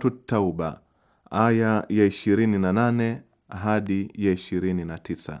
Suratu Tauba aya ya ishirini na nane hadi ya ishirini na tisa.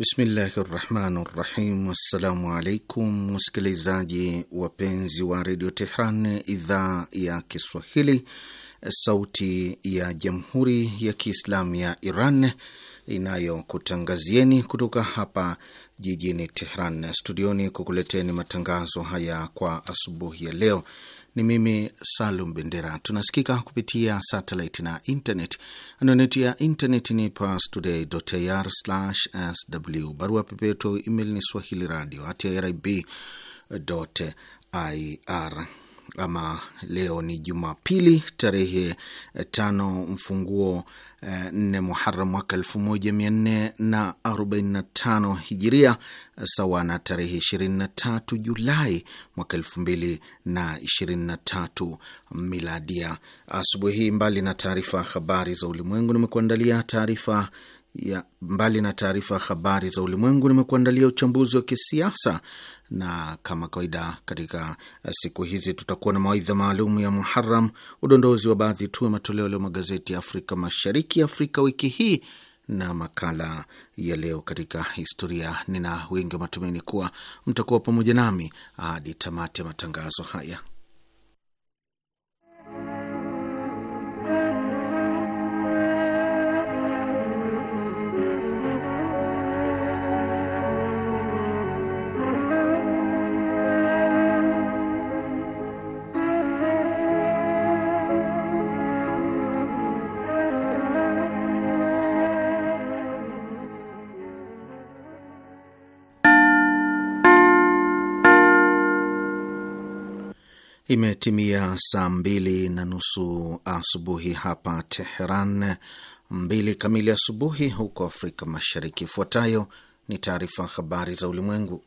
Bismillahi rahmani rahim. Assalamu alaikum wasikilizaji wapenzi wa redio Tehran, idhaa ya Kiswahili, sauti ya jamhuri ya Kiislamu ya Iran inayokutangazieni kutoka hapa jijini Tehran, studioni kukuleteni matangazo haya kwa asubuhi ya leo ni mimi Salum Bendera. Tunasikika kupitia satellite na internet. Anwani ya internet ni parstoday.ir/sw, barua pepeto email ni swahili radio at irib.ir ama leo ni Jumapili tarehe tano mfunguo eh, nne Muharam mwaka elfu moja mia nne na arobaini na tano hijiria sawa na tarehe ishirini na tatu Julai mwaka elfu mbili na ishirini na tatu miladia. Asubuhi hii, mbali na taarifa habari za ulimwengu, nimekuandalia taarifa ya mbali na taarifa habari za ulimwengu, nimekuandalia uchambuzi wa kisiasa na kama kawaida katika eh, siku hizi tutakuwa na mawaidha maalum ya Muharam, udondozi wa baadhi tu ya matoleo leo magazeti ya Afrika Mashariki, Afrika wiki hii na makala ya leo katika historia. Nina wingi wa matumaini kuwa mtakuwa pamoja nami hadi tamati ya matangazo haya. Imetimia saa mbili na nusu asubuhi hapa Teheran, mbili kamili asubuhi huko Afrika Mashariki. Ifuatayo ni taarifa habari za ulimwengu,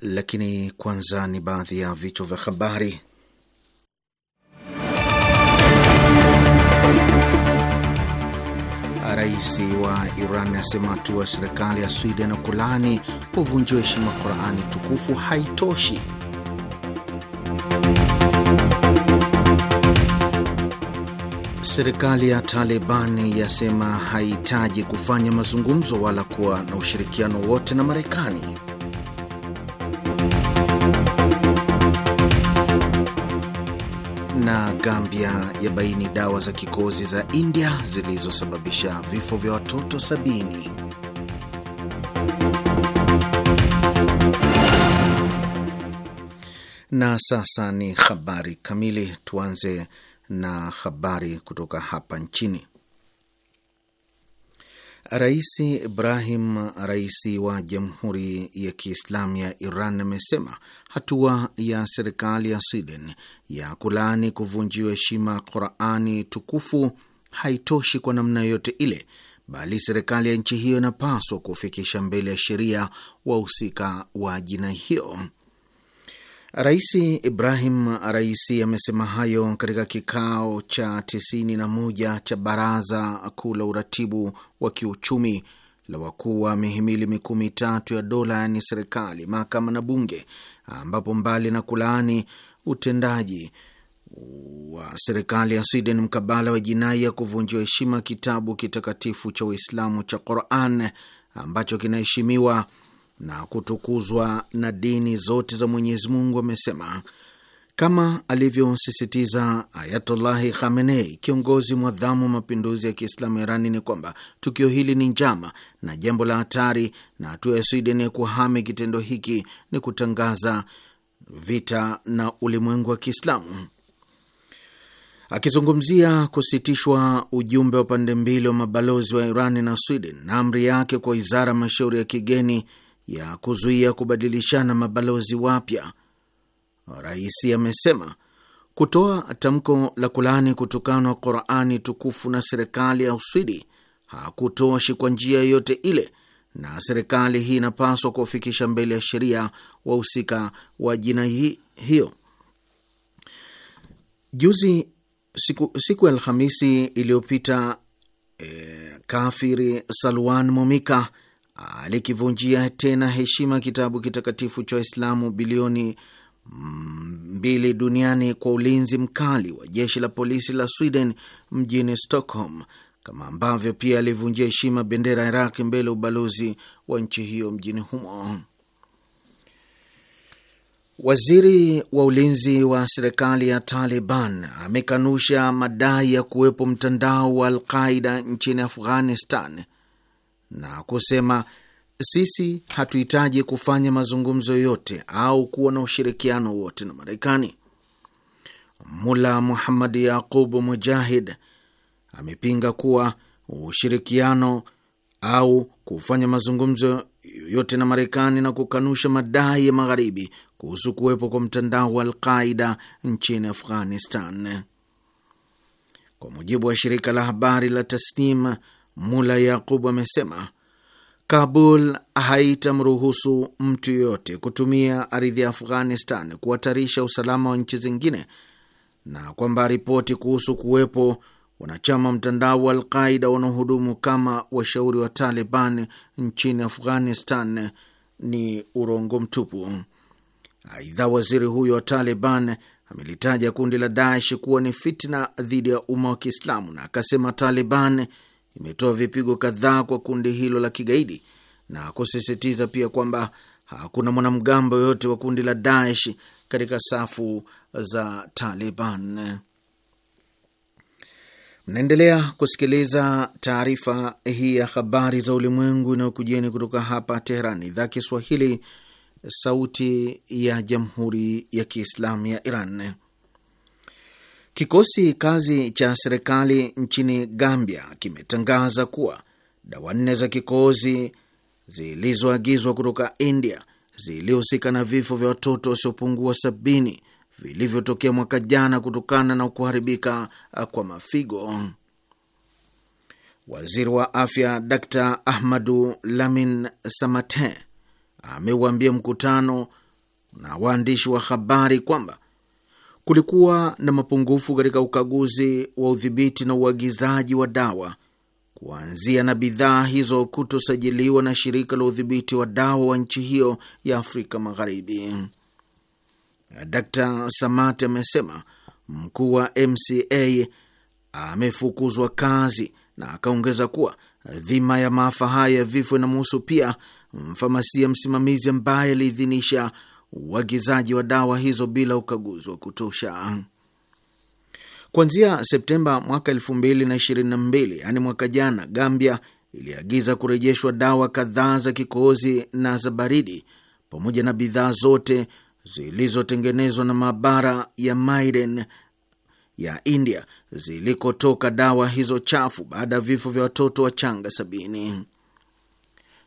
lakini kwanza ni baadhi ya vichwa vya habari. Rais wa Iran asema hatua ya serikali ya Sweden na kulani kuvunjiwa heshima Qurani tukufu haitoshi. Serikali ya Taliban yasema haihitaji kufanya mazungumzo wala kuwa na ushirikiano wote na Marekani. na Gambia yabaini dawa za kikozi za India zilizosababisha vifo vya watoto sabini. Na sasa ni habari kamili. Tuanze na habari kutoka hapa nchini. Rais Ibrahim Raisi wa Jamhuri ya Kiislamu ya Iran amesema hatua ya serikali ya Sweden ya kulaani kuvunjiwa heshima Qurani tukufu haitoshi kwa namna yoyote ile, bali serikali ya nchi hiyo inapaswa kufikisha mbele ya sheria wahusika wa jinai hiyo. Rais Ibrahim Raisi amesema hayo katika kikao cha 91 cha Baraza Kuu la Uratibu wa Kiuchumi la wakuu wa mihimili mikuu mitatu ya dola, yaani serikali, mahakama na bunge, ambapo mbali na kulaani utendaji wa serikali ya Sweden mkabala wa jinai ya kuvunjiwa heshima kitabu kitakatifu cha Uislamu cha Quran ambacho kinaheshimiwa na kutukuzwa na dini zote za Mwenyezi Mungu, amesema kama alivyosisitiza Ayatullahi Khamenei, kiongozi mwadhamu wa mapinduzi ya Kiislamu Irani, ni kwamba tukio hili ni njama na jambo la hatari, na hatua ya Sweden kuhami kitendo hiki ni kutangaza vita na ulimwengu wa Kiislamu. Akizungumzia kusitishwa ujumbe wa pande mbili wa mabalozi wa Irani na Sweden na amri yake kwa wizara mashauri ya kigeni ya kuzuia kubadilishana mabalozi wapya. Rais amesema kutoa tamko la kulaani kutukanwa Qurani tukufu na serikali ya Uswidi hakutoshi kwa njia yoyote ile, na serikali hii inapaswa kuwafikisha mbele ya sheria wahusika wa jinai hiyo. Juzi siku, siku ya Alhamisi iliyopita, eh, kafiri Salwan Momika alikivunjia tena heshima kitabu kitakatifu cha Waislamu bilioni mm, mbili duniani kwa ulinzi mkali wa jeshi la polisi la Sweden mjini Stockholm, kama ambavyo pia alivunjia heshima bendera ya Iraq mbele ya ubalozi wa nchi hiyo mjini humo. Waziri wa ulinzi wa serikali ya Taliban amekanusha madai ya kuwepo mtandao wa Alqaida nchini Afghanistan na kusema sisi hatuhitaji kufanya mazungumzo yote au kuwa na ushirikiano wote na Marekani. Mula Muhammad Yaqubu Mujahid amepinga kuwa ushirikiano au kufanya mazungumzo yoyote na Marekani na kukanusha madai ya Magharibi kuhusu kuwepo kwa mtandao wa Alqaida nchini Afghanistan. Kwa mujibu wa shirika la habari la Tasnim, Mula Yakubu amesema Kabul haitamruhusu mtu yoyote kutumia ardhi ya Afghanistan kuhatarisha usalama wa nchi zingine na kwamba ripoti kuhusu kuwepo wanachama mtandao wa Alqaida wanaohudumu kama washauri wa Taliban nchini Afghanistan ni urongo mtupu. Aidha, waziri huyo wa Taliban amelitaja kundi la Daesh kuwa ni fitna dhidi ya umma wa Kiislamu na akasema Taliban imetoa vipigo kadhaa kwa kundi hilo la kigaidi na kusisitiza pia kwamba hakuna mwanamgambo yoyote wa kundi la Daesh katika safu za Taliban. Mnaendelea kusikiliza taarifa hii ya habari za ulimwengu inayokujeni kutoka hapa teheran idhaa Kiswahili, sauti ya jamhuri ya kiislamu ya Iran. Kikosi kazi cha serikali nchini Gambia kimetangaza kuwa dawa nne za kikozi zilizoagizwa kutoka India zilihusika na vifo vya watoto wasiopungua sabini vilivyotokea mwaka jana kutokana na kuharibika kwa mafigo. Waziri wa afya Dr Ahmadu Lamin Samate ameuambia mkutano na waandishi wa habari kwamba kulikuwa na mapungufu katika ukaguzi wa udhibiti na uagizaji wa dawa kuanzia na bidhaa hizo kutosajiliwa na shirika la udhibiti wa dawa wa nchi hiyo ya Afrika Magharibi. Dr Samati amesema mkuu wa MCA amefukuzwa kazi na akaongeza kuwa dhima ya maafa haya ya vifo inamuhusu pia mfamasia msimamizi ambaye aliidhinisha uagizaji wa dawa hizo bila ukaguzi wa kutosha. Kuanzia Septemba mwaka elfu mbili na na ishirini mbili yaani mwaka jana, Gambia iliagiza kurejeshwa dawa kadhaa za kikohozi na za baridi pamoja na bidhaa zote zilizotengenezwa na maabara ya Mairen ya India zilikotoka dawa hizo chafu baada ya vifo vya watoto wachanga sabini.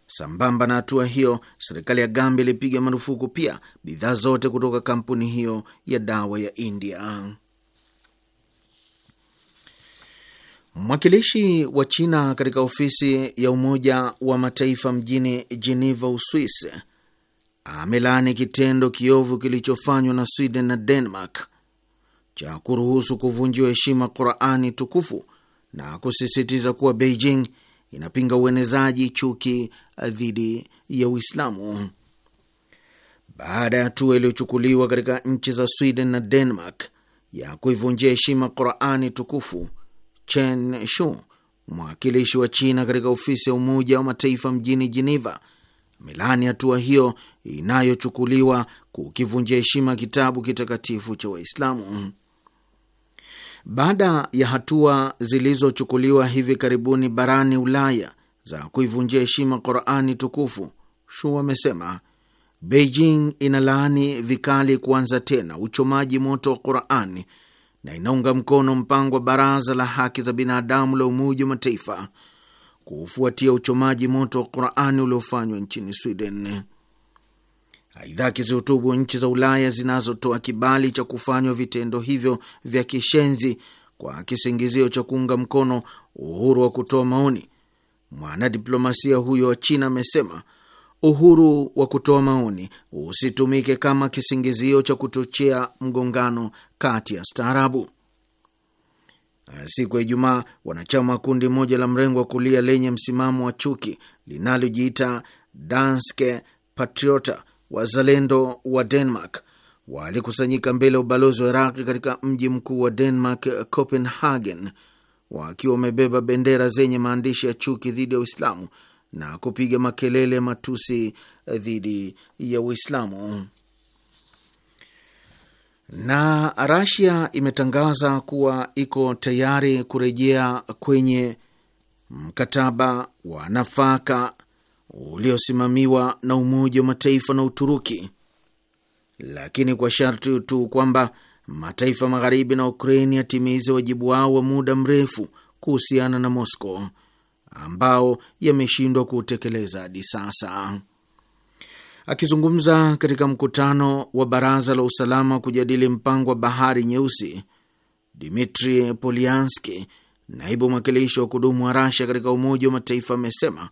Sambamba na hatua hiyo, serikali ya Gambia ilipiga marufuku pia bidhaa zote kutoka kampuni hiyo ya dawa ya India. Mwakilishi wa China katika ofisi ya Umoja wa Mataifa mjini Geneva, uswis amelaani kitendo kiovu kilichofanywa na Sweden na Denmark cha kuruhusu kuvunjiwa heshima Qurani tukufu na kusisitiza kuwa Beijing inapinga uenezaji chuki eh, dhidi ya Uislamu. Baada ya hatua iliyochukuliwa katika nchi za Sweden na Denmark ya kuivunjia heshima Qurani tukufu, Chen Shu, mwakilishi wa China katika ofisi ya Umoja wa Mataifa mjini Jeneva, amelaani hatua hiyo inayochukuliwa kukivunjia heshima kitabu kitakatifu cha Waislamu. Baada ya hatua zilizochukuliwa hivi karibuni barani Ulaya za kuivunjia heshima Qurani tukufu, Shu amesema Beijing inalaani vikali kuanza tena uchomaji moto wa Qurani na inaunga mkono mpango wa Baraza la Haki za Binadamu la Umoja wa Mataifa kufuatia uchomaji moto wa Qurani uliofanywa nchini Sweden. Aidha, akizihutubu nchi za Ulaya zinazotoa kibali cha kufanywa vitendo hivyo vya kishenzi kwa kisingizio cha kuunga mkono uhuru wa kutoa maoni, mwanadiplomasia huyo wa China amesema uhuru wa kutoa maoni usitumike kama kisingizio cha kuchochea mgongano kati ya staarabu. Siku ya Ijumaa, wanachama wa kundi moja la mrengo wa kulia lenye msimamo wa chuki linalojiita Danske Patriota wazalendo wa Denmark walikusanyika mbele ya ubalozi wa Iraqi katika mji mkuu wa Denmark, Copenhagen, wakiwa wamebeba bendera zenye maandishi ya chuki dhidi ya Uislamu na kupiga makelele matusi dhidi ya Uislamu. Na Rasia imetangaza kuwa iko tayari kurejea kwenye mkataba wa nafaka uliosimamiwa na Umoja wa Mataifa na Uturuki, lakini kwa sharti tu kwamba mataifa magharibi na Ukraini yatimize wajibu wao wa muda mrefu kuhusiana na Moscow ambao yameshindwa kuutekeleza hadi sasa. Akizungumza katika mkutano wa Baraza la Usalama kujadili mpango wa Bahari Nyeusi, Dmitri Polianski, naibu mwakilishi wa kudumu wa Rasha katika Umoja wa Mataifa, amesema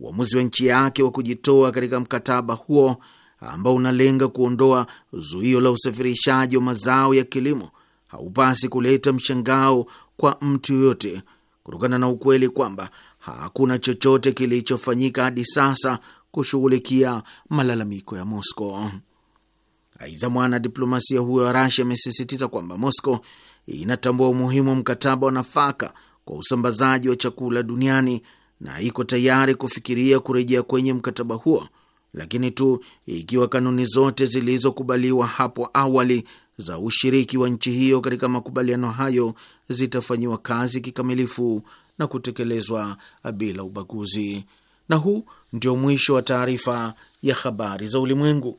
uamuzi wa nchi yake wa kujitoa katika mkataba huo ambao unalenga kuondoa zuio la usafirishaji wa mazao ya kilimo haupasi kuleta mshangao kwa mtu yoyote kutokana na ukweli kwamba hakuna chochote kilichofanyika hadi sasa kushughulikia malalamiko ya Moscow. Aidha, mwanadiplomasia huyo wa Rasia amesisitiza kwamba Moscow inatambua umuhimu wa mkataba wa nafaka kwa usambazaji wa chakula duniani na iko tayari kufikiria kurejea kwenye mkataba huo, lakini tu ikiwa kanuni zote zilizokubaliwa hapo awali za ushiriki wa nchi hiyo katika makubaliano hayo zitafanyiwa kazi kikamilifu na kutekelezwa bila ubaguzi. Na huu ndio mwisho wa taarifa ya habari za ulimwengu.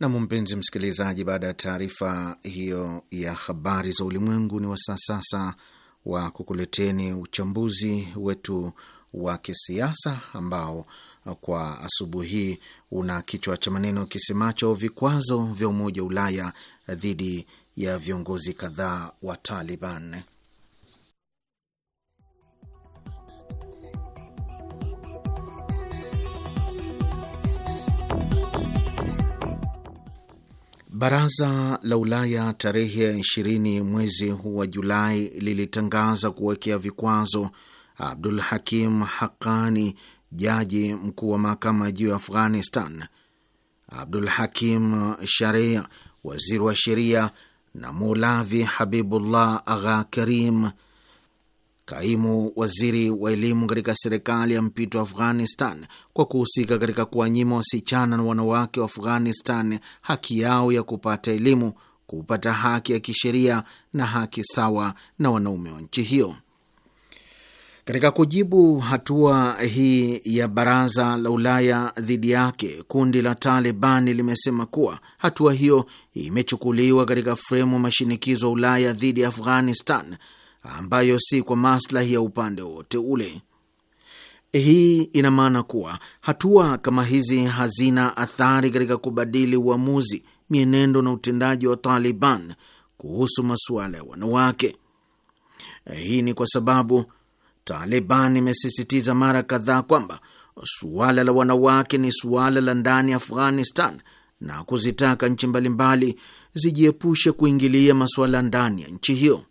Nam, mpenzi msikilizaji, baada ya taarifa hiyo ya habari za ulimwengu, ni wasaa sasa wa kukuleteni uchambuzi wetu wa kisiasa ambao kwa asubuhi hii una kichwa cha maneno kisemacho vikwazo vya Umoja wa Ulaya dhidi ya viongozi kadhaa wa Taliban. Baraza la Ulaya tarehe ya ishirini mwezi huu wa Julai lilitangaza kuwekea vikwazo Abdul Hakim Haqani, jaji mkuu wa mahakama ya juu ya Afghanistan, Abdul Hakim Sharia, waziri wa sheria, na Mulavi Habibullah Agha Karim kaimu waziri wa elimu katika serikali ya mpito wa Afghanistan kwa kuhusika katika kuwanyima wasichana na wanawake wa Afghanistan haki yao ya kupata elimu, kupata haki ya kisheria na haki sawa na wanaume wa nchi hiyo. Katika kujibu hatua hii ya baraza la Ulaya dhidi yake, kundi la Talibani limesema kuwa hatua hiyo imechukuliwa katika fremu mashinikizo ya Ulaya dhidi ya Afghanistan ambayo si kwa maslahi ya upande wote ule. Hii ina maana kuwa hatua kama hizi hazina athari katika kubadili uamuzi, mienendo na utendaji wa Taliban kuhusu masuala ya wanawake. Hii ni kwa sababu Taliban imesisitiza mara kadhaa kwamba suala la wanawake ni suala la ndani ya Afghanistan na kuzitaka nchi mbalimbali zijiepushe kuingilia masuala ndani ya nchi hiyo.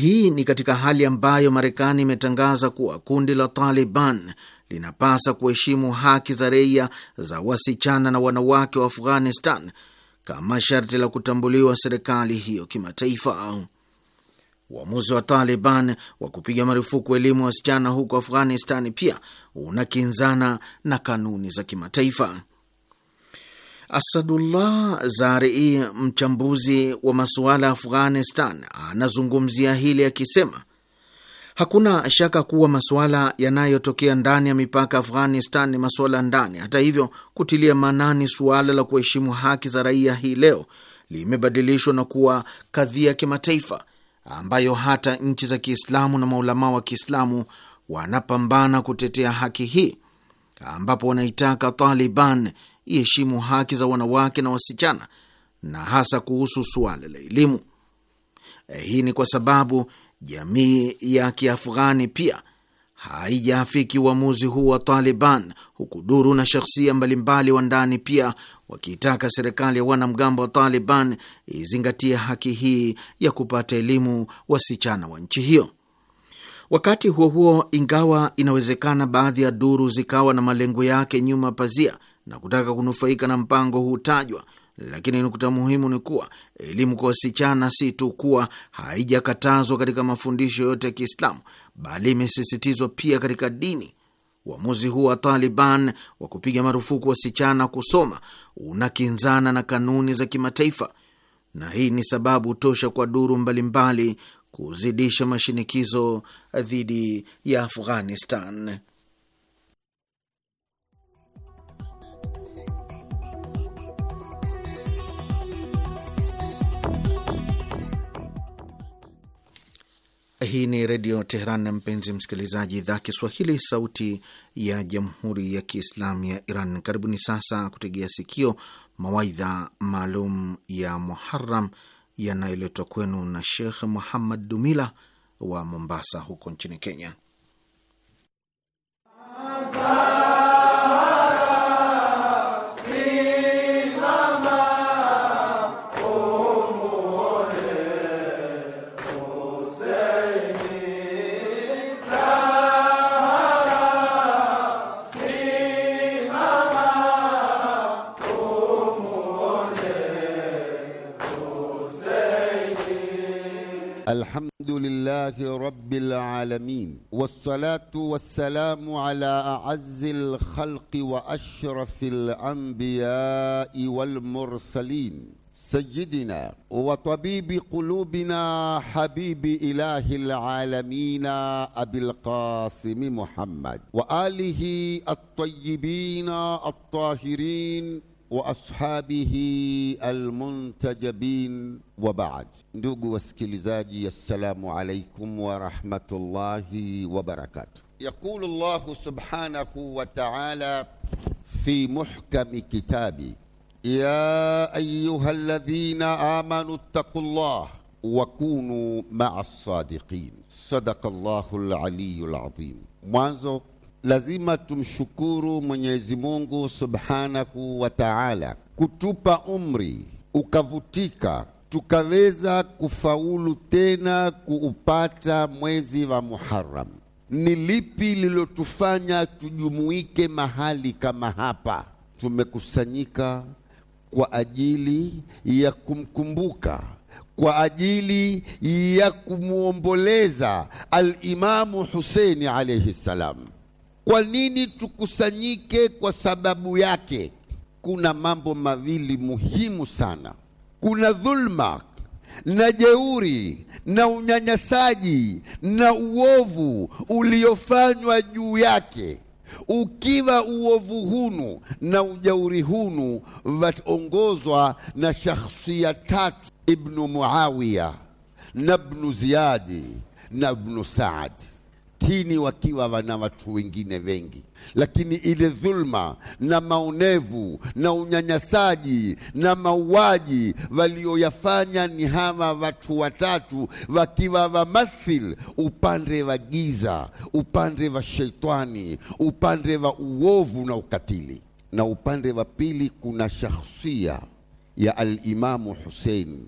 Hii ni katika hali ambayo Marekani imetangaza kuwa kundi la Taliban linapasa kuheshimu haki za raia za wasichana na wanawake wa Afghanistan kama sharti la kutambuliwa serikali hiyo kimataifa. Uamuzi wa Taliban wa kupiga marufuku elimu wasichana huko Afghanistan pia unakinzana na kanuni za kimataifa. Asadullah Zarii, mchambuzi wa masuala ya Afghanistan, anazungumzia hili akisema hakuna shaka kuwa masuala yanayotokea ndani ya mipaka Afghanistan ni masuala ndani. Hata hivyo, kutilia maanani suala la kuheshimu haki za raia hii leo limebadilishwa na kuwa kadhia ya kimataifa ambayo hata nchi za Kiislamu na maulamaa wa Kiislamu wanapambana kutetea haki hii, ambapo wanaitaka Taliban iheshimu haki za wanawake na wasichana na hasa kuhusu suala la elimu. Eh, hii ni kwa sababu jamii ya Kiafghani pia haijafiki uamuzi huu wa Taliban, huku duru na shakhsia mbalimbali wa ndani pia wakiitaka serikali ya wanamgambo wa Taliban izingatie haki hii ya kupata elimu wasichana wa nchi hiyo. Wakati huo huo, ingawa inawezekana baadhi ya duru zikawa na malengo yake nyuma pazia na kutaka kunufaika na mpango huu tajwa, lakini nukta muhimu ni kuwa elimu kwa wasichana si tu kuwa haijakatazwa katika mafundisho yote ya Kiislamu bali imesisitizwa pia katika dini. Uamuzi huu wa Taliban wa kupiga marufuku wasichana kusoma unakinzana na kanuni za kimataifa, na hii ni sababu tosha kwa duru mbalimbali mbali kuzidisha mashinikizo dhidi ya Afghanistan. Hii ni Redio Teheran na mpenzi msikilizaji, idhaa Kiswahili sauti ya jamhuri ya Kiislamu ya Iran. Karibuni sasa kutegea sikio mawaidha maalum ya Muharam yanayoletwa kwenu na Shekh Muhammad Dumila wa Mombasa huko nchini Kenya. الحمد لله رب العالمين والصلاة والسلام على أعز الخلق وأشرف الأنبياء والمرسلين سيدنا وطبيب قلوبنا حبيب إله العالمين أبي القاسم محمد وآله الطيبين الطاهرين واصحابه المنتجبين وبعد ندوق ndugu السلام عليكم ورحمه الله وبركاته يقول الله سبحانه وتعالى في محكم كتابي يا ايها الذين امنوا اتقوا الله وكونوا مع الصادقين صدق الله العلي العظيم mwanzo lazima tumshukuru Mwenyezi Mungu subhanahu wa taala kutupa umri ukavutika tukaweza kufaulu tena kuupata mwezi wa Muharram. Ni lipi lilotufanya tujumuike mahali kama hapa? Tumekusanyika kwa ajili ya kumkumbuka, kwa ajili ya kumwomboleza Alimamu Huseini alaihi ssalam. Kwa nini tukusanyike? Kwa sababu yake kuna mambo mawili muhimu sana. Kuna dhulma na jeuri na unyanyasaji na uovu uliofanywa juu yake. Ukiwa uovu hunu na ujauri hunu vaongozwa na shakhsia tatu, Ibnu Muawiya na Ibnu Ziyadi na Ibnu Saadi sitini wakiwa wana watu wengine wengi, lakini ile dhulma na maonevu na unyanyasaji na mauaji walioyafanya ni hawa watu watatu, wakiwa wamathil upande wa giza, upande wa sheitani upande wa uovu na ukatili. Na upande wa pili kuna shakhsia ya Alimamu Husein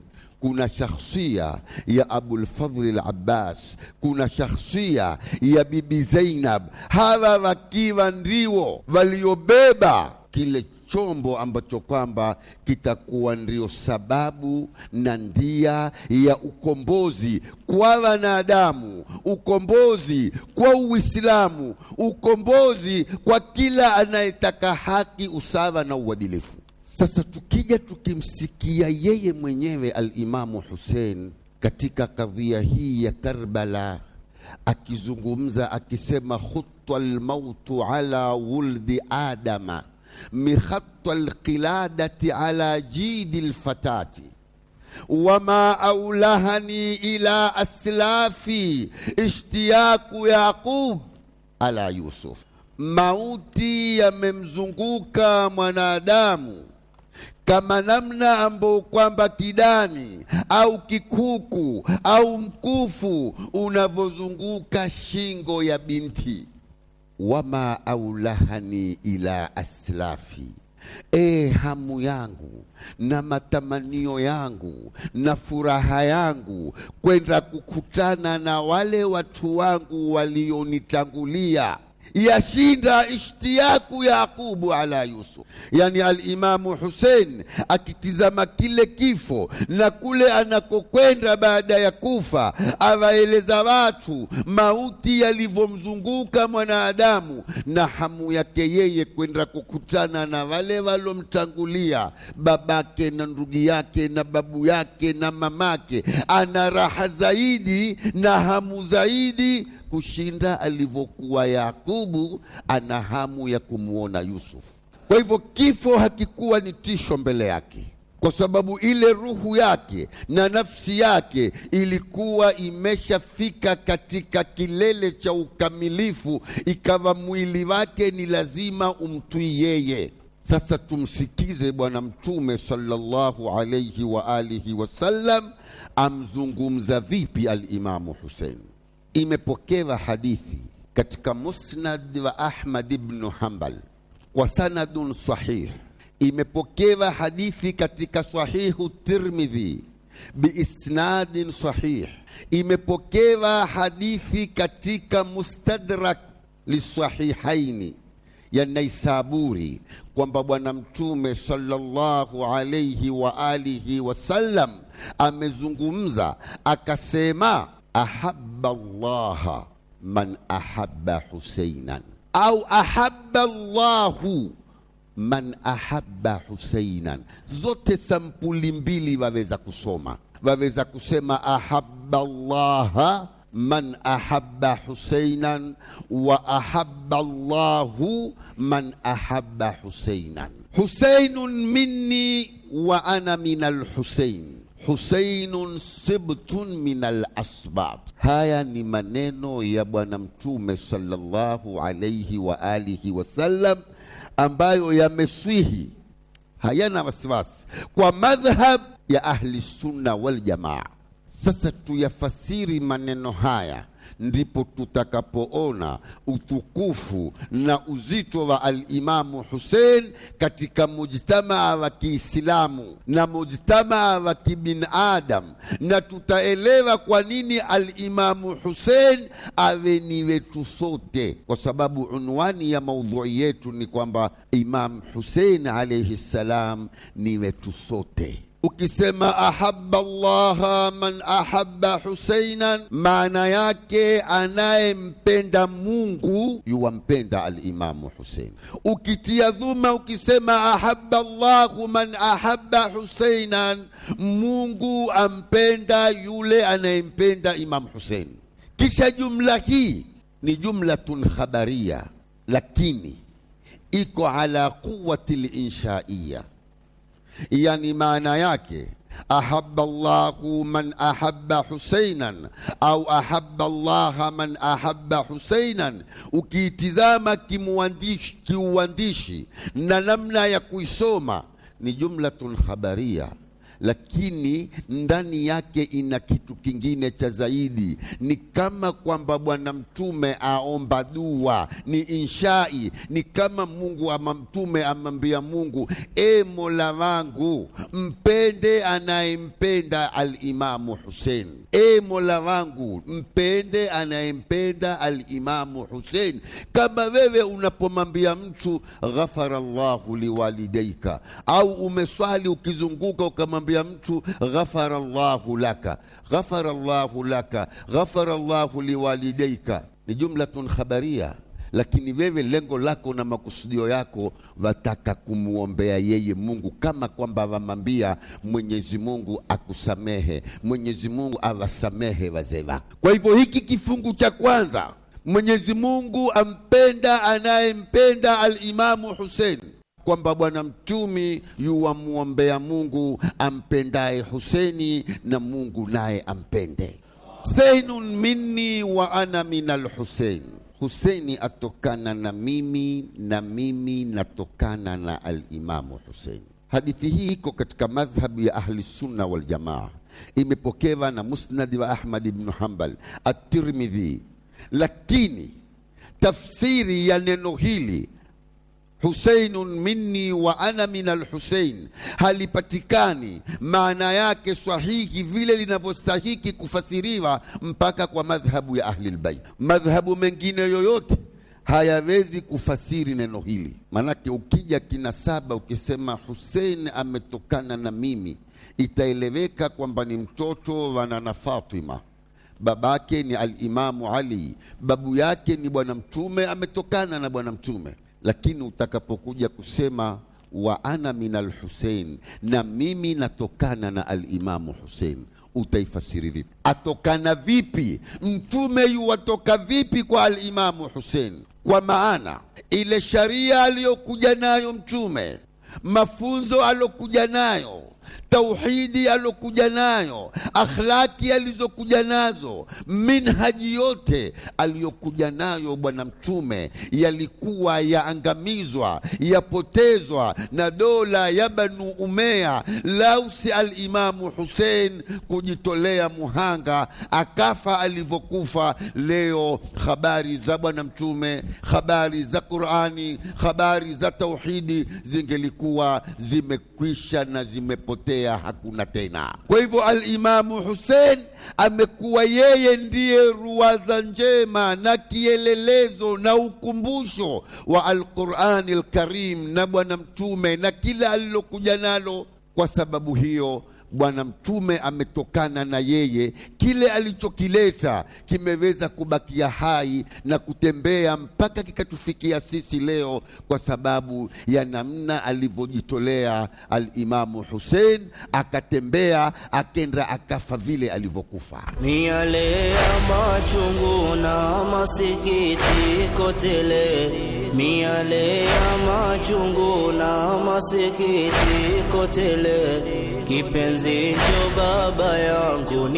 kuna shakhsia ya Abulfadhli Labbas, kuna shakhsia ya Bibi Zainab. Hawa wakiwa ndio waliobeba kile chombo ambacho kwamba kitakuwa ndio sababu na ndia ya ukombozi kwa wanadamu, ukombozi kwa Uislamu, ukombozi kwa kila anayetaka haki, usawa na uadilifu. Sasa tukija tukimsikia yeye mwenyewe Alimamu Hussein katika kadhia hii ya Karbala akizungumza akisema, khutwa almautu ala wuldi adama mikhatwa alqiladati ala jidi lfatati wama aulahani ila aslafi ishtiyaku yaqub ala yusuf, mauti yamemzunguka mwanadamu kama namna ambayo kwamba kidani au kikuku au mkufu unavyozunguka shingo ya binti. Wama lahani ila aslafi E, hamu yangu na matamanio yangu na furaha yangu kwenda kukutana na wale watu wangu walionitangulia yashinda ishtiyaku Yaqubu ala Yusuf. Yani alimamu Husein akitizama kile kifo na kule anakokwenda baada ya kufa, awaeleza watu mauti yalivyomzunguka mwanadamu na hamu yake yeye kwenda kukutana na wale walomtangulia, babake na ndugu yake na babu yake na mamake. Ana raha zaidi na hamu zaidi kushinda alivyokuwa Yakubu ana hamu ya kumwona yusuf Kwa hivyo kifo hakikuwa ni tisho mbele yake, kwa sababu ile ruhu yake na nafsi yake ilikuwa imeshafika katika kilele cha ukamilifu, ikawa mwili wake ni lazima umtwii yeye. Sasa tumsikize Bwana Mtume sallallahu alayhi wa alihi wasallam amzungumza vipi alimamu Husein. Imepokewa hadithi katika Musnad wa Ahmad ibn Hanbal kwa sanadun sahih. Imepokewa hadithi katika Sahihu Tirmidhi biisnadin sahih. Imepokewa hadithi katika Mustadrak lisahihaini ya Naisaburi kwamba Bwana Mtume sallallahu alayhi wa alihi wasallam amezungumza akasema ahabba allaha man ahabba huseinan au ahabba llahu man ahabba huseinan. Zote sampuli mbili waweza kusoma, waweza kusema ahabba llaha man ahabba huseinan wa ahabba llahu man ahabba huseinan. Huseinun minni wa ana min alhusein Husainun sibtun min alasbat. Haya ni maneno ya Bwana Mtume sallallahu alayhi wa alihi wasallam, ambayo yameswihi, hayana wasiwasi kwa madhhab ya ahli sunna wal jamaa. Sasa tuyafasiri maneno haya ndipo tutakapoona utukufu na uzito wa Alimamu Hussein katika mujtamaa wa Kiislamu na mujtamaa wa kibinadamu, na tutaelewa kwa nini Alimamu Hussein awe ni wetu sote, kwa sababu unwani ya maudhui yetu ni kwamba Imam Hussein alaihi ssalam ni wetu sote. Ukisema ahaba llaha man ahaba husainan, maana yake anayempenda Mungu yuwampenda alimamu Husein. Ukitia dhuma ukisema ahaba llahu man ahaba husainan, Mungu ampenda yule anayempenda imamu Husein. Kisha jumla hii ni jumlatun khabariya, lakini iko ala quwati linshaiya yani maana yake ahaba llahu man ahaba Husainan au ahaba Allaha man ahaba Husainan. Ukiitizama kiuandishi na namna ya kuisoma ni jumlatun khabaria lakini ndani yake ina kitu kingine cha zaidi. Ni kama kwamba Bwana Mtume aomba dua, ni inshai, ni kama Mungu ama Mtume amwambia Mungu, e Mola wangu mpende anayempenda Alimamu Husein, e Mola wangu mpende anayempenda Alimamu Husein. Kama wewe unapomwambia mtu ghafara llahu liwalideika au umeswali ukizunguka ukamwambia kumwambia mtu ghafara llahu laka, ghafara llahu laka, ghafara llahu liwalidaika, ni jumlatun khabaria lakini wewe lengo lako na makusudio yako wataka kumwombea yeye Mungu, kama kwamba wamwambia Mwenyezi Mungu akusamehe, Mwenyezi Mungu awasamehe wazee wako. Kwa hivyo hiki kifungu cha kwanza, Mwenyezi Mungu ampenda anayempenda alimamu Hussein kwamba bwana mtumi yuwamwombea Mungu ampendaye Huseni na Mungu naye ampende. Huseinun minni wa ana min alhusein, Huseni atokana na mimi na mimi natokana na alimamu huseni Hadithi hii iko katika madhhabu ya ahli sunna wal jamaa, imepokewa na musnadi wa Ahmad ibn Hanbal, at-Tirmidhi, lakini tafsiri ya neno hili Husainun minni wa ana min alhusein, halipatikani maana yake sahihi vile linavyostahiki kufasiriwa mpaka kwa madhhabu ya ahlilbait. Madhhabu mengine yoyote hayawezi kufasiri neno hili, maanake ukija kina saba ukisema Husein ametokana na mimi, itaeleweka kwamba ni mtoto wa nana Fatima babake ni Alimamu Ali, babu yake ni Bwana Mtume, ametokana na Bwana Mtume lakini utakapokuja kusema wa ana min alhusein, na mimi natokana na alimamu Husein, utaifasiri vipi? Atokana vipi? Mtume yuwatoka vipi kwa alimamu Husein? Kwa maana ile sharia aliyokuja nayo Mtume, mafunzo aliyokuja nayo tauhidi alokuja nayo, akhlaki alizokuja nazo, minhaji yote aliyokuja nayo Bwana Mtume yalikuwa yaangamizwa, yapotezwa na dola ya Banu Umea. Lausi alimamu Husein kujitolea muhanga, akafa alivyokufa. Leo habari za Bwana Mtume, habari za Qurani, habari za tauhidi zingelikuwa zimekwisha na zimepotea kupotea hakuna tena. Kwa hivyo Alimamu Hussein amekuwa yeye ndiye ruwaza njema na kielelezo na ukumbusho wa Alqurani Lkarim na Bwana Mtume na kila alilokuja nalo. Kwa sababu hiyo Bwana Mtume ametokana na yeye, kile alichokileta kimeweza kubakia hai na kutembea mpaka kikatufikia sisi leo, kwa sababu ya namna alivyojitolea Alimamu Hussein, akatembea akenda akafa vile alivyokufa. Miale ya machungu na masikitiko tele, miale ya machungu na masikitiko tele, kipenzi baba yangu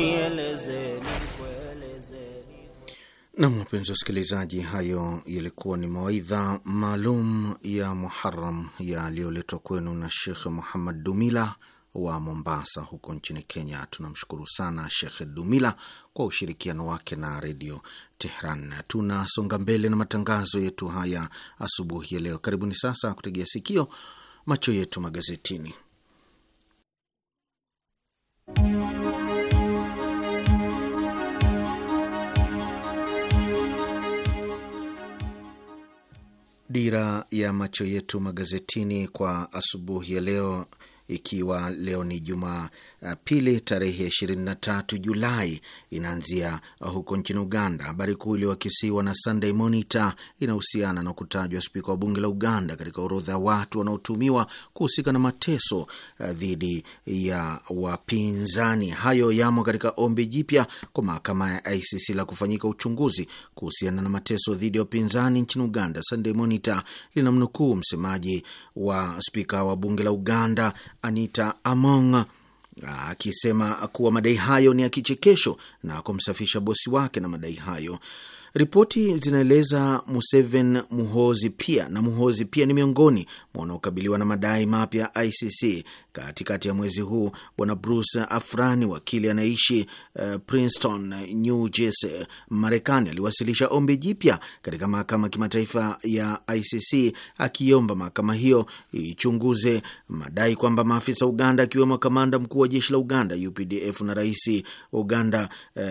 Nam, wapenzi wasikilizaji, hayo yalikuwa ni mawaidha maalum ya Muharam yaliyoletwa kwenu na Shekh Muhammad Dumila wa Mombasa huko nchini Kenya. Tunamshukuru sana Shekh Dumila kwa ushirikiano wake na Redio Tehran. Tunasonga mbele na matangazo yetu haya asubuhi ya leo. Karibuni sasa kutegea sikio macho yetu magazetini. dira ya macho yetu magazetini kwa asubuhi ya leo, ikiwa leo ni Jumaa pili tarehe ishirini na tatu Julai inaanzia huko nchini Uganda. Habari kuu iliyoakisiwa na Sunday Monitor inahusiana na kutajwa spika wa bunge la Uganda katika orodha ya watu wanaotumiwa kuhusika na mateso eh, dhidi ya wapinzani. Hayo yamo katika ombi jipya kwa mahakama ya ICC la kufanyika uchunguzi kuhusiana na mateso dhidi ya wapinzani nchini Uganda. Sunday Monitor linamnukuu msemaji wa spika wa bunge la Uganda Anita Among akisema kuwa madai hayo ni ya kichekesho na kumsafisha bosi wake na madai hayo. Ripoti zinaeleza Museveni Muhozi pia na Muhozi pia ni miongoni mwa wanaokabiliwa na madai mapya ICC. Katikati ya mwezi huu, Bwana Bruce Afrani, wakili anayeishi uh, Princeton, New Jersey, Marekani, aliwasilisha ombi jipya katika mahakama ya kimataifa ya ICC akiomba mahakama hiyo ichunguze madai kwamba maafisa Uganda akiwemo kamanda mkuu wa jeshi la Uganda UPDF na rais Uganda uh,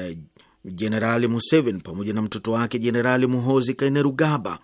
Jenerali Museveni pamoja na mtoto wake Jenerali Muhozi Kainerugaba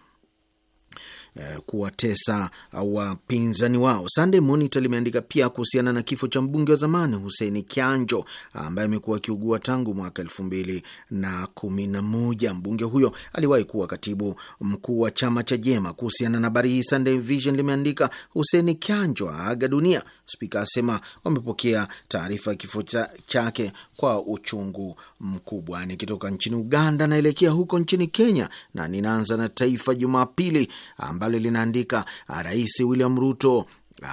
eh, kuwatesa wapinzani wao. Sunday Monitor limeandika pia kuhusiana na kifo cha mbunge wa zamani huseni Kianjo ambaye amekuwa akiugua tangu mwaka elfu mbili na kumi na moja. Mbunge huyo aliwahi kuwa katibu mkuu wa chama cha Jema. Kuhusiana na habari hii, Sunday Vision limeandika Huseini Kianjo aaga dunia, spika asema wamepokea taarifa ya kifo chake kwa uchungu mkubwa. Nikitoka nchini Uganda naelekea huko nchini Kenya, na ninaanza na Taifa Jumapili ambalo linaandika Rais William Ruto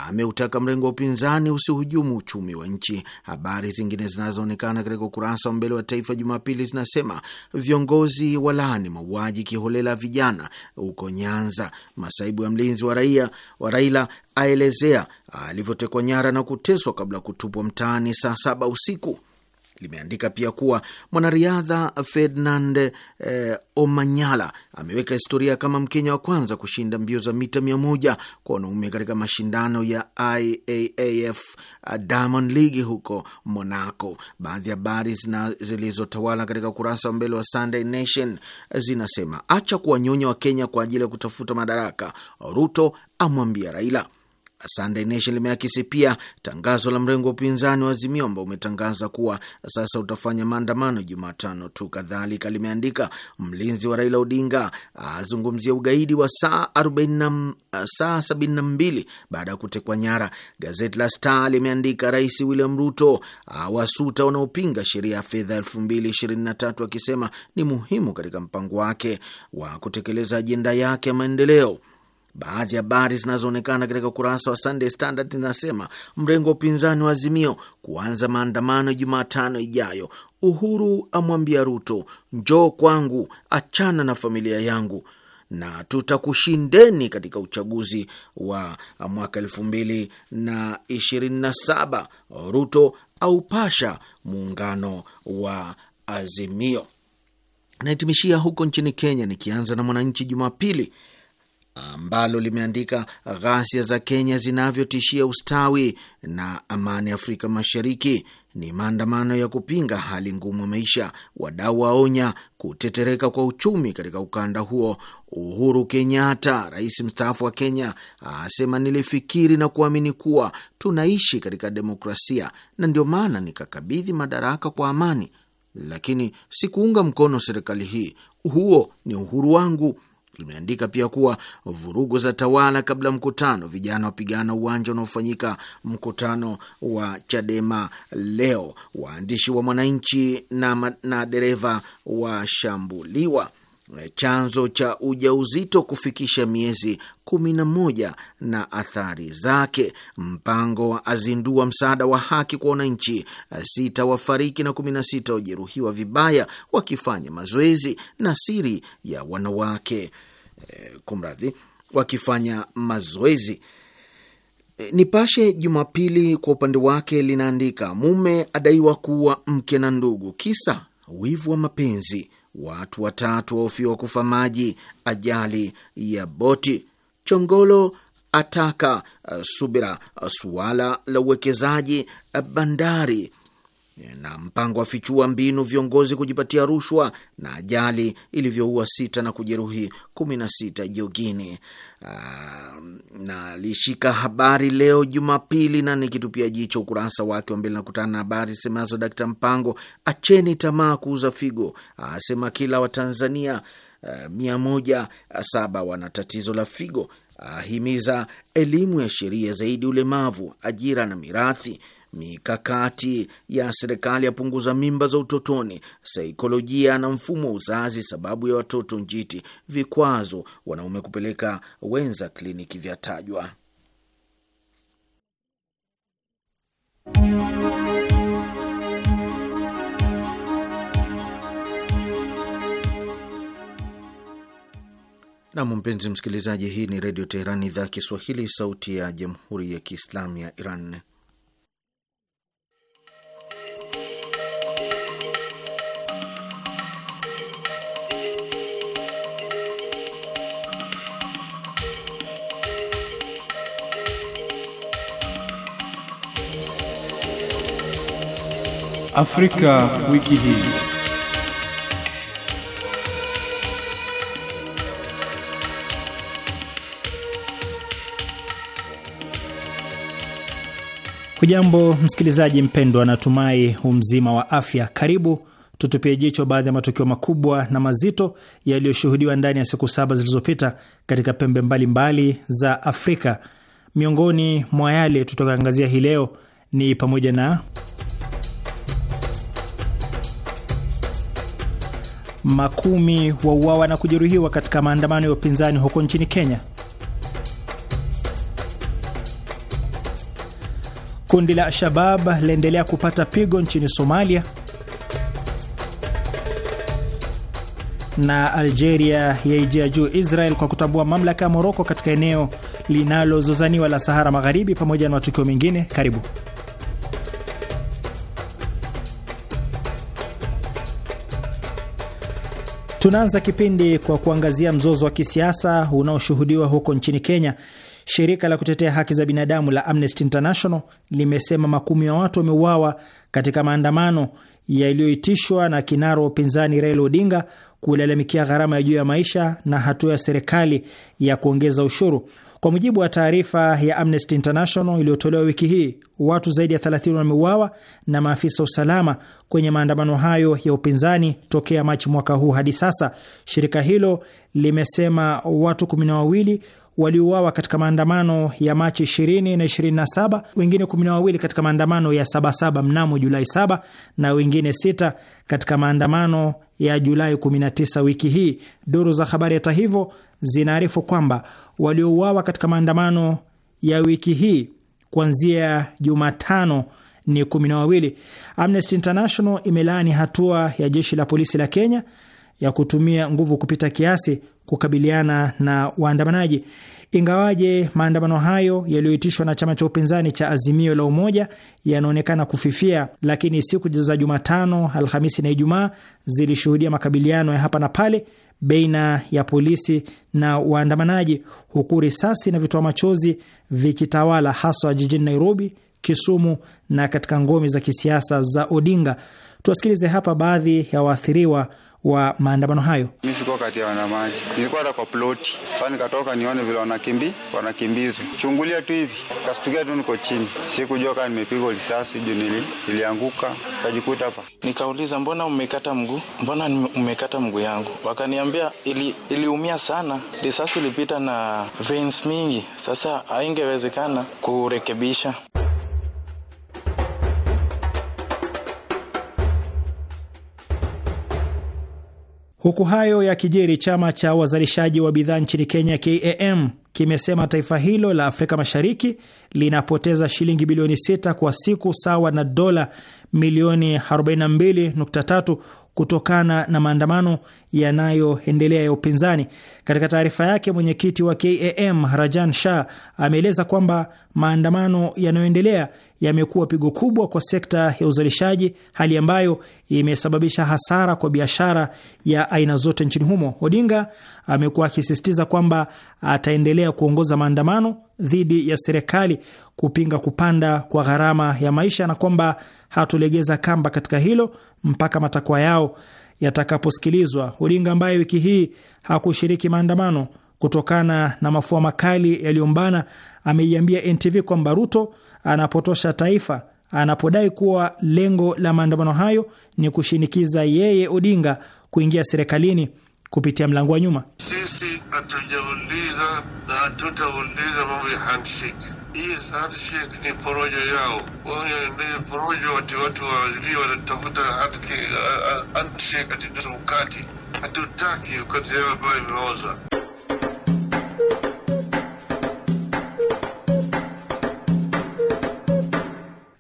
ameutaka mrengo wa upinzani usihujumu uchumi wa nchi. Habari zingine zinazoonekana katika ukurasa wa mbele wa Taifa Jumapili zinasema viongozi walaani mauaji kiholela vijana huko Nyanza, masaibu ya mlinzi wa raia wa Raila aelezea alivyotekwa nyara na kuteswa kabla ya kutupwa mtaani saa saba usiku limeandika pia kuwa mwanariadha Ferdinand eh, Omanyala ameweka historia kama Mkenya wa kwanza kushinda mbio za mita mia moja kwa wanaume katika mashindano ya IAAF uh, Diamond League huko Monaco. Baadhi ya habari zilizotawala katika ukurasa wa mbele wa Sunday Nation eh, zinasema acha kuwanyonya Wakenya kwa ajili ya kutafuta madaraka, Ruto amwambia Raila Sunday Nation limeakisi pia tangazo la mrengo wa upinzani wa Azimio ambao umetangaza kuwa sasa utafanya maandamano Jumatano tu. Kadhalika limeandika mlinzi wa Raila Odinga azungumzia ugaidi wa saa 40, uh, saa 72 baada ya kutekwa nyara. Gazeti la Star limeandika Rais William Ruto awasuta wanaopinga sheria ya fedha 2023 akisema ni muhimu katika mpango wake wa kutekeleza ajenda yake ya maendeleo. Baadhi ya habari zinazoonekana katika ukurasa wa Sunday Standard zinasema mrengo wa upinzani wa Azimio kuanza maandamano Jumatano ijayo. Uhuru amwambia Ruto, njoo kwangu, achana na familia yangu na tutakushindeni katika uchaguzi wa mwaka elfu mbili na ishirini na saba. Ruto aupasha muungano wa Azimio. Nahitimishia huko nchini Kenya, nikianza na Mwananchi Jumapili ambalo limeandika ghasia za Kenya zinavyotishia ustawi na amani Afrika Mashariki ni maandamano ya kupinga hali ngumu ya maisha. Wadau waonya kutetereka kwa uchumi katika ukanda huo. Uhuru Kenyatta, rais mstaafu wa Kenya, asema nilifikiri na kuamini kuwa tunaishi katika demokrasia na ndio maana nikakabidhi madaraka kwa amani, lakini sikuunga mkono serikali hii. Huo ni uhuru wangu limeandika pia kuwa vurugu za tawala kabla mkutano, vijana wapigana uwanja unaofanyika mkutano wa Chadema leo, waandishi wa Mwananchi na, na dereva washambuliwa, chanzo cha ujauzito kufikisha miezi kumi na moja na athari zake, mpango azindua msaada wa haki kwa wananchi, sita wafariki na kumi na sita wajeruhiwa vibaya wakifanya mazoezi, na siri ya wanawake Eh, kumradhi, wakifanya mazoezi. ni eh, Nipashe Jumapili kwa upande wake linaandika mume adaiwa kuwa mke na ndugu, kisa wivu wa mapenzi. Watu watatu wahofiwa kufa maji ajali ya boti. Chongolo ataka eh, subira suala la uwekezaji bandari na mpango afichua mbinu viongozi kujipatia rushwa na ajali ilivyoua sita na kujeruhi kumi na sita Jogini. Ah, na alishika habari leo Jumapili na nikitupia jicho ukurasa wake wa mbele kutana na habari semazo Dakta Mpango acheni tamaa kuuza figo, asema kila Watanzania ah, mia moja saba wana tatizo la figo, ahimiza elimu ya sheria zaidi ulemavu, ajira na mirathi mikakati ya serikali ya punguza mimba za utotoni, saikolojia na mfumo wa uzazi, sababu ya watoto njiti, vikwazo wanaume kupeleka wenza kliniki vyatajwa. Nam, mpenzi msikilizaji, hii ni Redio Teherani, idhaa ya Kiswahili, sauti ya Jamhuri ya Kiislamu ya Iran. Afrika wiki hii. Hujambo msikilizaji mpendwa, natumai umzima wa afya. Karibu tutupie jicho baadhi ya matukio makubwa na mazito yaliyoshuhudiwa ndani ya siku saba zilizopita katika pembe mbalimbali mbali za Afrika. Miongoni mwa yale tutakaangazia hii leo ni pamoja na makumi wauawa na kujeruhiwa katika maandamano ya upinzani huko nchini Kenya. Kundi la Al-Shabab laendelea kupata pigo nchini Somalia, na Algeria yaijia juu Israel kwa kutambua mamlaka ya Moroko katika eneo linalozozaniwa la Sahara Magharibi, pamoja na matukio mengine. Karibu. Tunaanza kipindi kwa kuangazia mzozo wa kisiasa unaoshuhudiwa huko nchini Kenya. Shirika la kutetea haki za binadamu la Amnesty International limesema makumi ya watu wameuawa katika maandamano yaliyoitishwa na kinara wa upinzani Raila Odinga kulalamikia gharama ya juu ya maisha na hatua ya serikali ya kuongeza ushuru. Kwa mujibu wa taarifa ya Amnesty International iliyotolewa wiki hii, watu zaidi ya 30 wameuawa na maafisa usalama kwenye maandamano hayo ya upinzani tokea Machi mwaka huu hadi sasa. Shirika hilo limesema watu kumi na wawili waliuawa katika maandamano ya Machi 20 na 27, wengine 12 katika maandamano ya 77 mnamo Julai 7 na wengine 6 katika maandamano ya Julai 19 wiki hii. Duru za habari hata hivyo zinaarifu kwamba waliouawa katika maandamano ya wiki hii kuanzia Jumatano ni kumi na wawili. Amnesty International imelaani hatua ya jeshi la polisi la Kenya ya kutumia nguvu kupita kiasi kukabiliana na waandamanaji, ingawaje maandamano hayo yaliyoitishwa na chama cha upinzani cha Azimio la Umoja yanaonekana kufifia, lakini siku za Jumatano, Alhamisi na Ijumaa zilishuhudia makabiliano ya hapa na pale baina ya polisi na waandamanaji, huku risasi na vitoa machozi vikitawala haswa jijini Nairobi, Kisumu na katika ngome za kisiasa za Odinga. Tuwasikilize hapa baadhi ya waathiriwa wa maandamano hayo. Mi sikuwa kati ya wanamaji, nilikuwa hata kwa ploti. saa nikatoka nione vile wanakimbi wanakimbizwa, chungulia tu hivi, kastukia tu niko chini, sikujua kaa nimepigwa risasi juu nilianguka kajikuta hapa. Nikauliza, mbona umekata mguu? Mbona umekata mguu yangu? Wakaniambia ili, iliumia sana, risasi ilipita na veins mingi, sasa haingewezekana kurekebisha. Huku hayo ya kijeri, chama cha wazalishaji wa bidhaa nchini Kenya KAM kimesema taifa hilo la Afrika Mashariki linapoteza shilingi bilioni 6 kwa siku sawa na dola milioni 42.3 kutokana na maandamano yanayoendelea ya upinzani. Katika taarifa yake, mwenyekiti wa KAM Rajan Shah ameeleza kwamba maandamano yanayoendelea yamekuwa pigo kubwa kwa sekta ya uzalishaji, hali ambayo imesababisha hasara kwa biashara ya aina zote nchini humo. Odinga amekuwa akisisitiza kwamba ataendelea kuongoza maandamano dhidi ya serikali kupinga kupanda kwa gharama ya maisha na kwamba hatulegeza kamba katika hilo mpaka matakwa yao yatakaposikilizwa. Odinga ambaye wiki hii hakushiriki maandamano kutokana na mafua makali yaliyombana, ameiambia NTV kwamba Ruto anapotosha taifa anapodai kuwa lengo la maandamano hayo ni kushinikiza yeye Odinga kuingia serikalini kupitia mlango wa nyuma. Sisi hatujaundiza na hatutaundiza mambo ya handshake hii handshake ni porojo yao. Wao ni porojo, wati watu wazilia wanatafuta handshake ati mkati, hatutaki mkati yao ambayo imeoza.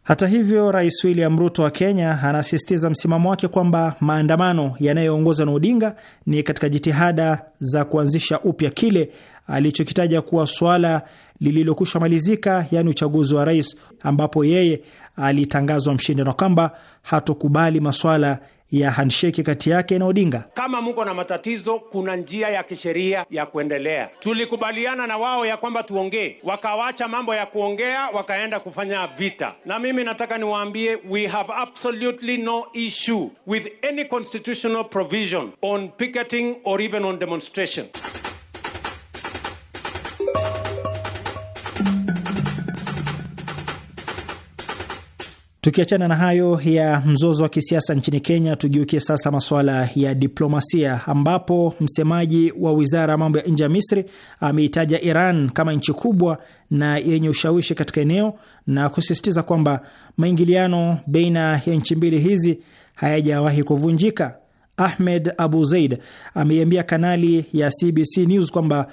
Hata hivyo, Rais William Ruto wa Kenya anasisitiza msimamo wake kwamba maandamano yanayoongozwa na Odinga ni katika jitihada za kuanzisha upya kile alichokitaja kuwa swala lililokwisha malizika, yaani uchaguzi wa rais, ambapo yeye alitangazwa mshindi na kwamba hatokubali maswala ya handshake kati yake na Odinga. Kama mko na matatizo, kuna njia ya kisheria ya kuendelea. Tulikubaliana na wao ya kwamba tuongee, wakawacha mambo ya kuongea, wakaenda kufanya vita. Na mimi nataka niwaambie, we have absolutely no issue with any constitutional provision on picketing or even on demonstration. Tukiachana na hayo ya mzozo wa kisiasa nchini Kenya, tugeukie sasa masuala ya diplomasia, ambapo msemaji wa wizara ya mambo ya nje ya Misri ameitaja Iran kama nchi kubwa na yenye ushawishi katika eneo na kusisitiza kwamba maingiliano baina ya nchi mbili hizi hayajawahi kuvunjika. Ahmed Abu Zeid ameiambia kanali ya CBC News kwamba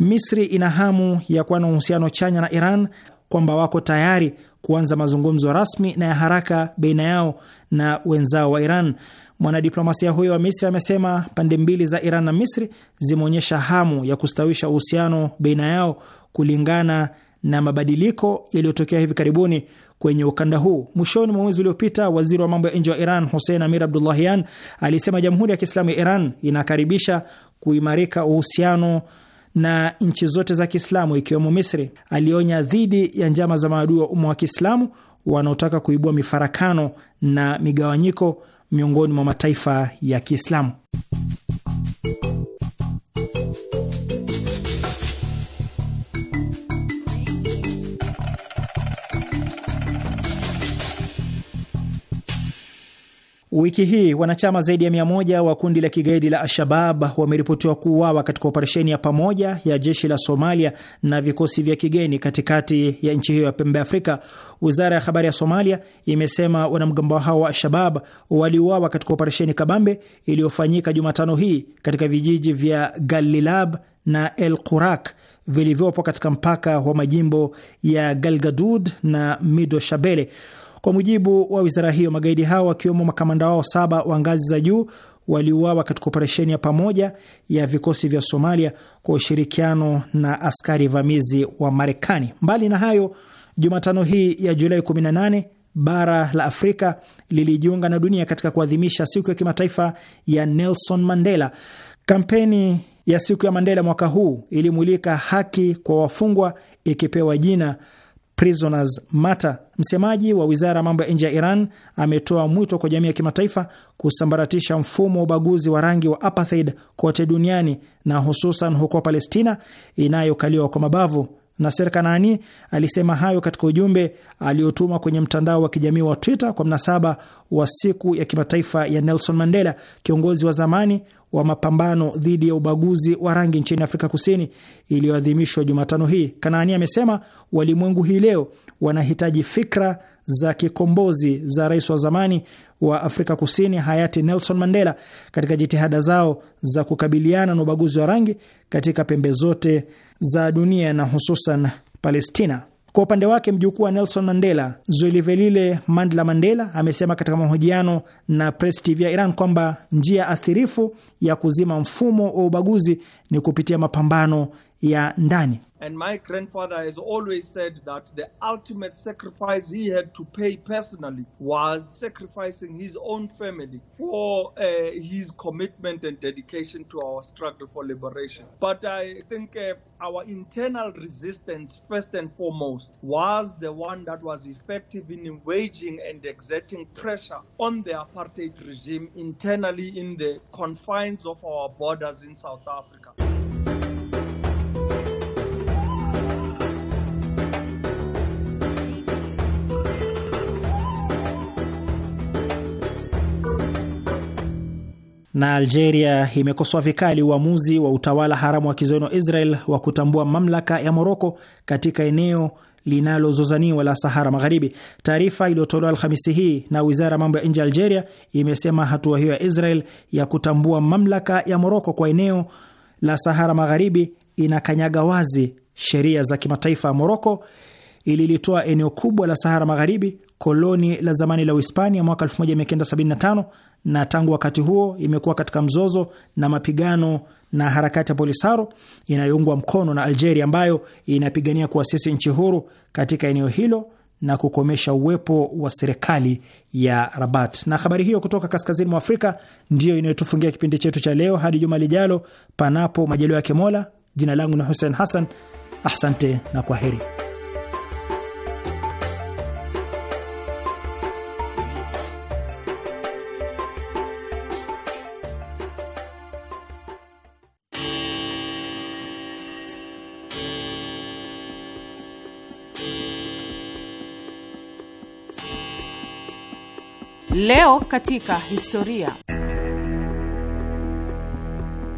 Misri ina hamu ya kuwa na uhusiano chanya na Iran, kwamba wako tayari kuanza mazungumzo rasmi na ya haraka baina yao na wenzao wa Iran. Mwanadiplomasia huyo wa Misri amesema pande mbili za Iran na Misri zimeonyesha hamu ya kustawisha uhusiano baina yao kulingana na mabadiliko yaliyotokea hivi karibuni kwenye ukanda huu. Mwishoni mwa mwezi uliopita, waziri wa mambo ya nje wa Iran Hussein Amir Abdullahian alisema Jamhuri ya Kiislamu ya Iran inakaribisha kuimarika uhusiano na nchi zote za Kiislamu ikiwemo Misri. Alionya dhidi ya njama za maadui wa umma wa Kiislamu wanaotaka kuibua mifarakano na migawanyiko miongoni mwa mataifa ya Kiislamu. Wiki hii wanachama zaidi ya mia moja wa kundi la kigaidi la Al-Shabab wameripotiwa kuuawa katika operesheni ya pamoja ya jeshi la Somalia na vikosi vya kigeni katikati ya nchi hiyo ya pembe Afrika. Wizara ya habari ya Somalia imesema wanamgambo hao wa Al-Shabab waliuawa katika operesheni kabambe iliyofanyika Jumatano hii katika vijiji vya Galilab na El Qurak vilivyopo katika mpaka wa majimbo ya Galgadud na Mido Shabele. Kwa mujibu wa wizara hiyo, magaidi hao wakiwemo makamanda wao saba wa ngazi za juu waliuawa katika operesheni ya pamoja ya vikosi vya Somalia kwa ushirikiano na askari vamizi wa Marekani. Mbali na hayo, Jumatano hii ya Julai 18 bara la Afrika lilijiunga na dunia katika kuadhimisha siku ya kimataifa ya Nelson Mandela. Kampeni ya siku ya Mandela mwaka huu ilimulika haki kwa wafungwa ikipewa jina Prisoners Matter. Msemaji wa wizara ya mambo ya nje ya Iran ametoa mwito kwa jamii ya kimataifa kusambaratisha mfumo wa ubaguzi wa rangi wa apartheid kote duniani na hususan huko Palestina inayokaliwa kwa mabavu. Naser Kanaani alisema hayo katika ujumbe aliotuma kwenye mtandao wa kijamii wa Twitter kwa mnasaba wa siku ya kimataifa ya Nelson Mandela, kiongozi wa zamani wa mapambano dhidi ya ubaguzi wa rangi nchini Afrika Kusini iliyoadhimishwa Jumatano hii. Kanaani amesema walimwengu hii leo wanahitaji fikra za kikombozi za rais wa zamani wa Afrika Kusini hayati Nelson Mandela katika jitihada zao za kukabiliana na ubaguzi wa rangi katika pembe zote za dunia na hususan Palestina. Kwa upande wake mjukuu wa Nelson Mandela Zwelivelile Mandla Mandela amesema katika mahojiano na Press TV ya Iran kwamba njia athirifu ya kuzima mfumo wa ubaguzi ni kupitia mapambano ya ndani. And my grandfather has always said that the ultimate sacrifice he had to pay personally was sacrificing his own family for uh, his commitment and dedication to our struggle for liberation. But I think uh, our internal resistance, first and foremost, was the one that was effective in waging and exerting pressure on the apartheid regime internally in the confines of our borders in South Africa. na Algeria imekosoa vikali uamuzi wa utawala haramu wa kizayuni wa Israel wa kutambua mamlaka ya Moroko katika eneo linalozozaniwa la Sahara Magharibi. Taarifa iliyotolewa Alhamisi hii na wizara ya mambo ya nje ya Algeria imesema hatua hiyo ya Israel ya kutambua mamlaka ya Moroko kwa eneo la Sahara Magharibi inakanyaga wazi sheria za kimataifa ya Moroko ililitoa eneo kubwa la Sahara Magharibi koloni la zamani la Uhispania mwaka 1975 na tangu wakati huo imekuwa katika mzozo na mapigano na harakati ya Polisaro inayoungwa mkono na Algeria ambayo inapigania kuasisi nchi huru katika eneo hilo na kukomesha uwepo wa serikali ya Rabat. Na habari hiyo kutoka kaskazini mwa Afrika ndiyo inayotufungia kipindi chetu cha leo hadi juma lijalo, panapo majaliwa yake Mola. Jina langu ni Hussein Hassan, asante na kwa heri. Leo katika historia.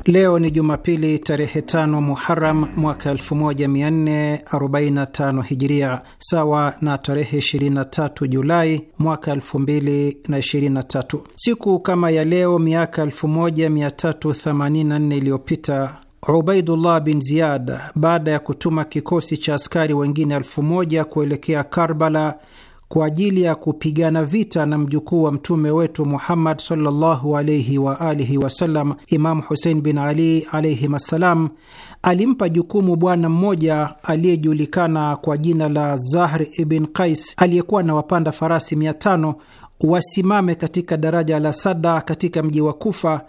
Leo ni Jumapili tarehe tano Muharam mwaka 1445 Hijiria, sawa na tarehe 23 Julai mwaka 2023. Siku kama ya leo miaka 1384 iliyopita Ubaidullah bin Ziyad, baada ya kutuma kikosi cha askari wengine elfu moja kuelekea Karbala kwa ajili ya kupigana vita na mjukuu wa mtume wetu Muhammad sallallahu alaihi wa alihi wasallam, Imamu Husein bin Ali alaihim assalam, alimpa jukumu bwana mmoja aliyejulikana kwa jina la Zahr ibn Qais aliyekuwa na wapanda farasi mia tano wasimame katika daraja la Sada katika mji wa Kufa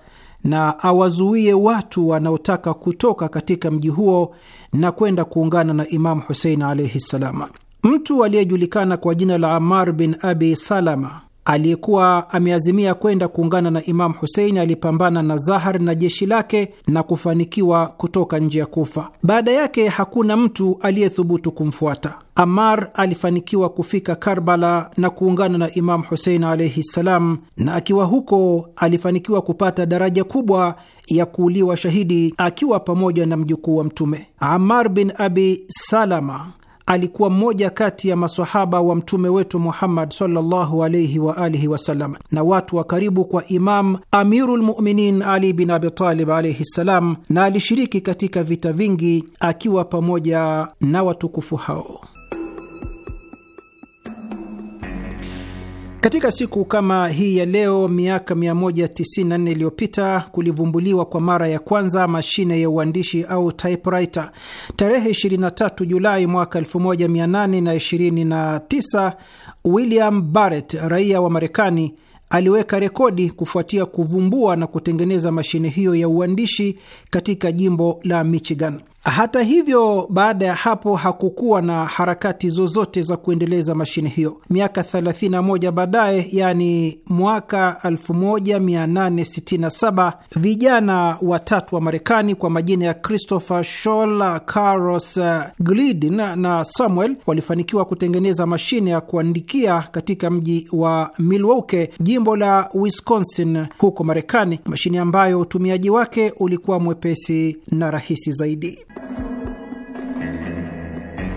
na awazuie watu wanaotaka kutoka katika mji huo na kwenda kuungana na Imamu Husein alaihi ssalam. Mtu aliyejulikana kwa jina la Amar bin Abi Salama aliyekuwa ameazimia kwenda kuungana na Imamu Husein alipambana na Zahar na jeshi lake na kufanikiwa kutoka nje ya Kufa. Baada yake hakuna mtu aliyethubutu kumfuata. Amar alifanikiwa kufika Karbala na kuungana na Imamu Husein alaihi ssalam, na akiwa huko alifanikiwa kupata daraja kubwa ya kuuliwa shahidi akiwa pamoja na mjukuu wa Mtume. Amar bin Abi Salama alikuwa mmoja kati ya masahaba wa mtume wetu Muhammad sallallahu alaihi wa alihi wasallam na watu wa karibu kwa Imam Amiru lmuminin Ali bin Abitalib alaihi ssalam, na alishiriki katika vita vingi akiwa pamoja na watukufu hao. Katika siku kama hii ya leo miaka 194 iliyopita kulivumbuliwa kwa mara ya kwanza mashine ya uandishi au typewriter. Tarehe 23 Julai mwaka 1829 William Barrett, raia wa Marekani, aliweka rekodi kufuatia kuvumbua na kutengeneza mashine hiyo ya uandishi katika jimbo la Michigan. Hata hivyo, baada ya hapo hakukuwa na harakati zozote za kuendeleza mashine hiyo. Miaka 31 baadaye, yani mwaka 1867, vijana watatu wa Marekani kwa majina ya Christopher Scholl, Carlos Glidden na Samuel walifanikiwa kutengeneza mashine ya kuandikia katika mji wa Milwaukee, jimbo la Wisconsin huko Marekani, mashine ambayo utumiaji wake ulikuwa mwepesi na rahisi zaidi.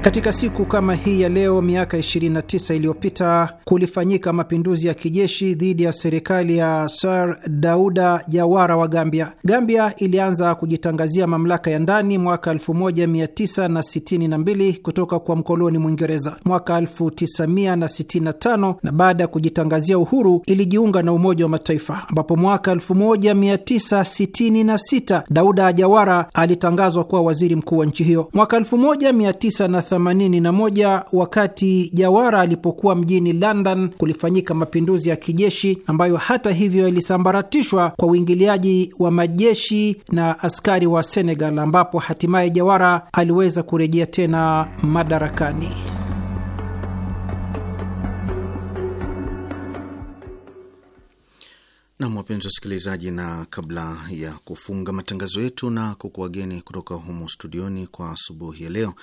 Katika siku kama hii ya leo miaka 29 iliyopita kulifanyika mapinduzi ya kijeshi dhidi ya serikali ya Sir Dauda Jawara wa Gambia. Gambia ilianza kujitangazia mamlaka ya ndani mwaka 1962 kutoka kwa mkoloni Mwingereza. Mwaka 1965 na baada ya kujitangazia uhuru ilijiunga na Umoja wa Mataifa, ambapo mwaka 1966 Dauda Jawara alitangazwa kuwa waziri mkuu wa nchi hiyo. Mwaka 19 1981 wakati Jawara alipokuwa mjini London kulifanyika mapinduzi ya kijeshi ambayo hata hivyo yalisambaratishwa kwa uingiliaji wa majeshi na askari wa Senegal, ambapo hatimaye Jawara aliweza kurejea tena madarakani. Nam, wapenzi wasikilizaji, na kabla ya kufunga matangazo yetu na kukuwageni kutoka humo studioni kwa asubuhi ya leo,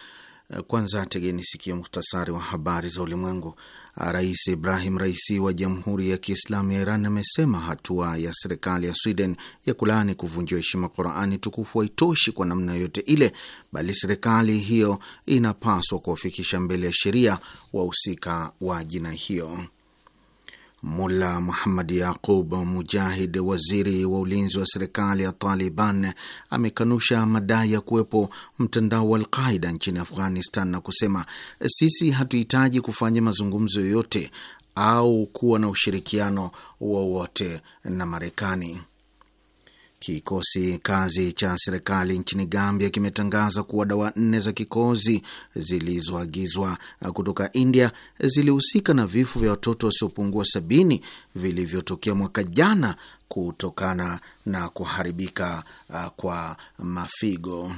Eh, kwanza tegeni sikio muhtasari wa habari za ulimwengu. Ah, Rais Ibrahim Raisi wa Jamhuri ya Kiislamu ya Iran amesema hatua ya serikali ya Sweden ya kulaani kuvunjiwa heshima Qurani tukufu haitoshi kwa namna yoyote ile, bali serikali hiyo inapaswa kuwafikisha mbele ya sheria wahusika wa jinai hiyo. Mula Muhammad Yaqub Mujahid, waziri wa ulinzi wa serikali ya Taliban, amekanusha madai ya kuwepo mtandao wa Alqaida nchini Afghanistan na kusema sisi hatuhitaji kufanya mazungumzo yoyote au kuwa na ushirikiano wowote na Marekani. Kikosi kazi cha serikali nchini Gambia kimetangaza kuwa dawa nne za kikozi zilizoagizwa kutoka India zilihusika na vifo vya watoto wasiopungua sabini vilivyotokea mwaka jana kutokana na kuharibika uh, kwa mafigo.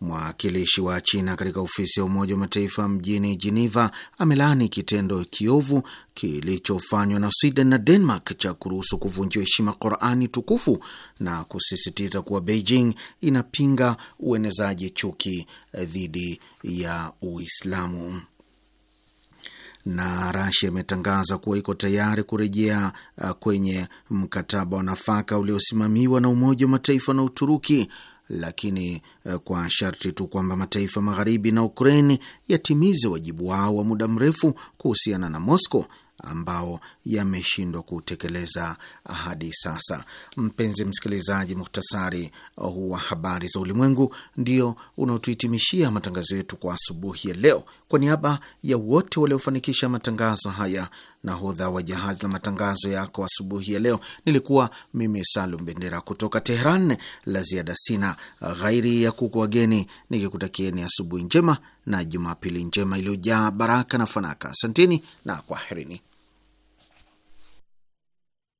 Mwakilishi wa China katika ofisi ya Umoja wa Mataifa mjini Jeneva amelaani kitendo kiovu kilichofanywa na Sweden na Denmark cha kuruhusu kuvunjiwa heshima Qurani tukufu na kusisitiza kuwa Beijing inapinga uenezaji chuki dhidi ya Uislamu na Rasia imetangaza kuwa iko tayari kurejea uh, kwenye mkataba wa nafaka uliosimamiwa na Umoja wa Mataifa na Uturuki lakini eh, kwa sharti tu kwamba mataifa magharibi na Ukraini yatimize wajibu wao wa muda mrefu kuhusiana na Moscow ambao yameshindwa kutekeleza hadi sasa. Mpenzi msikilizaji, muhtasari wa habari za ulimwengu ndio unaotuhitimishia matangazo yetu kwa asubuhi ya leo. Kwa niaba ya wote waliofanikisha matangazo haya, nahodha wa jahazi la matangazo yako asubuhi ya leo nilikuwa mimi Salum Bendera kutoka Teheran. La ziada sina ghairi ya kuku wageni, nikikutakieni asubuhi njema na Jumapili njema iliyojaa baraka na fanaka. Asanteni na kwaherini